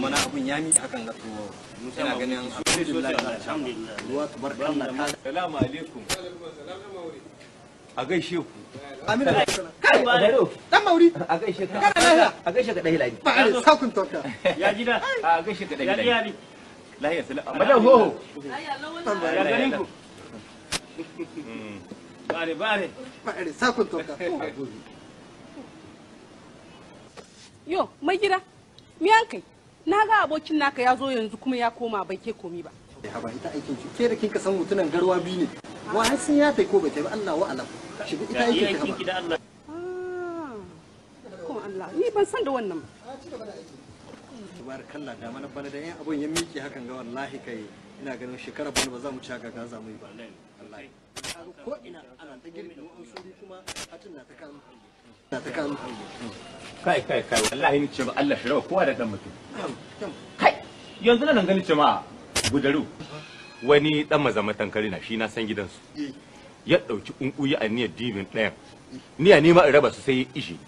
mana abun ya miƙe akan tuwo ganin ruwa ta salamu alaikum a gaishe ku amina kai dan mauri a gaishe ka kana lafiya a gaishe ka dai lafiya ba ya gida a gaishe ka dai lafiya salamu madan ho ya ku mm. bare bare bare yo mai gida mi an kai na ga abokin naka ya zo yanzu kuma ya koma bai ke komi ba eh, haba ita aikin ki ke da kinka san mutunan garwa biyu ne wa har sun ya tai ko bai tai ba Allah wa alam shi ita aikin ki haba ah, ko Allah ni ban san da wannan ba ah, tabarakallah da mana bana da yan abun ya miƙe hakan ga wallahi kai ina ganin shekara bana ba za mu ci haka ga za mu yi ba wallahi ko ina ana ta girbi an suri kuma hatin na ta kama na ta kama kai kai kai wallahi ni ce ba Allah shi rawa kowa da dan mutum kai yanzu nan gani ce ma gudaru wani dan mazamatan kare na shi na san gidansu eh. ya dauki kunkuyi a niyyar dibin ɗayan niyya ne ma in raba su sai ishi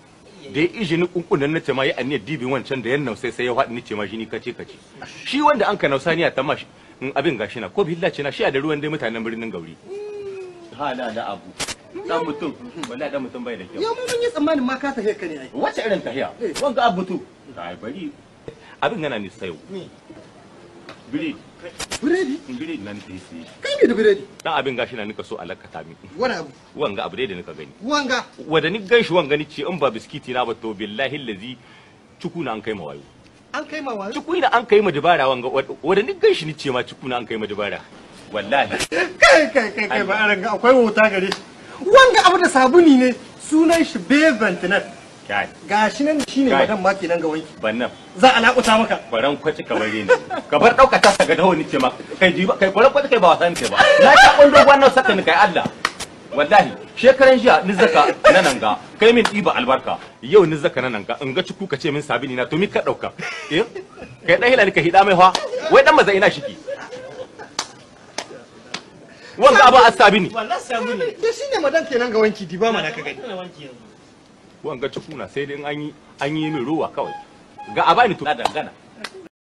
da ya ishi ni kunkunan na ce ma ya a niyyar dibin wancan da yannan sai, sai ya haɗu ni ce ma shi ni kace kace shi wanda an ka nausa niyya ta ma abin gashi na ko billa ce na shi a da ruwan dai mutanen birnin gauri ha la da abu dan mutum wallahi dan mutum bai da kyau yau mun yi tsammanin ma ka tafi ka ne ai wace irin tafiya eh. wanga abu tu ai bari abin gana ni sayo biredi biredi biredi nan dai sai kai ne da biredi dan abin gashi na nika so a lakata mi wani abu wanga abu dai da nika gani wanga wanda ni ganshi wanga ni ce in ba biskiti na ba to billahi lazi cikuna an kai mawayo an kai ma wani cikuna an kai ma dubara wanga wanda ni ganshi ni ce ma cikuna an kai ma dubara wallahi eh, kai kai kai kai ba ran akwai wuta gare shi wanga abu da sabuni ne sunan shi beventinal ga shi nan shi ne madan ma kenan ga wanki bannan za a lakuta maka baran kwaci ka bare ni ka bar dauka ta ga dawo nike ce ma kai ji kai baran kwaci kai ba wasan ce ba na ta kondo wannan saka ni kai Allah wallahi shekaran jiya ni zaka na nan ga kai min diba albarka yau ni zaka na nan ga in ga ciku ka ce min sabini na to mi ka dauka eh kai dan hilali ka hida mai fa wai dan maza ina shiki wanga abu a sabi ne wannan sabi ne madan kenan ga wanki di ba mana ka gani wanga tukuna sai dai an yi an yi min ruwa kawai ga abani to da dangana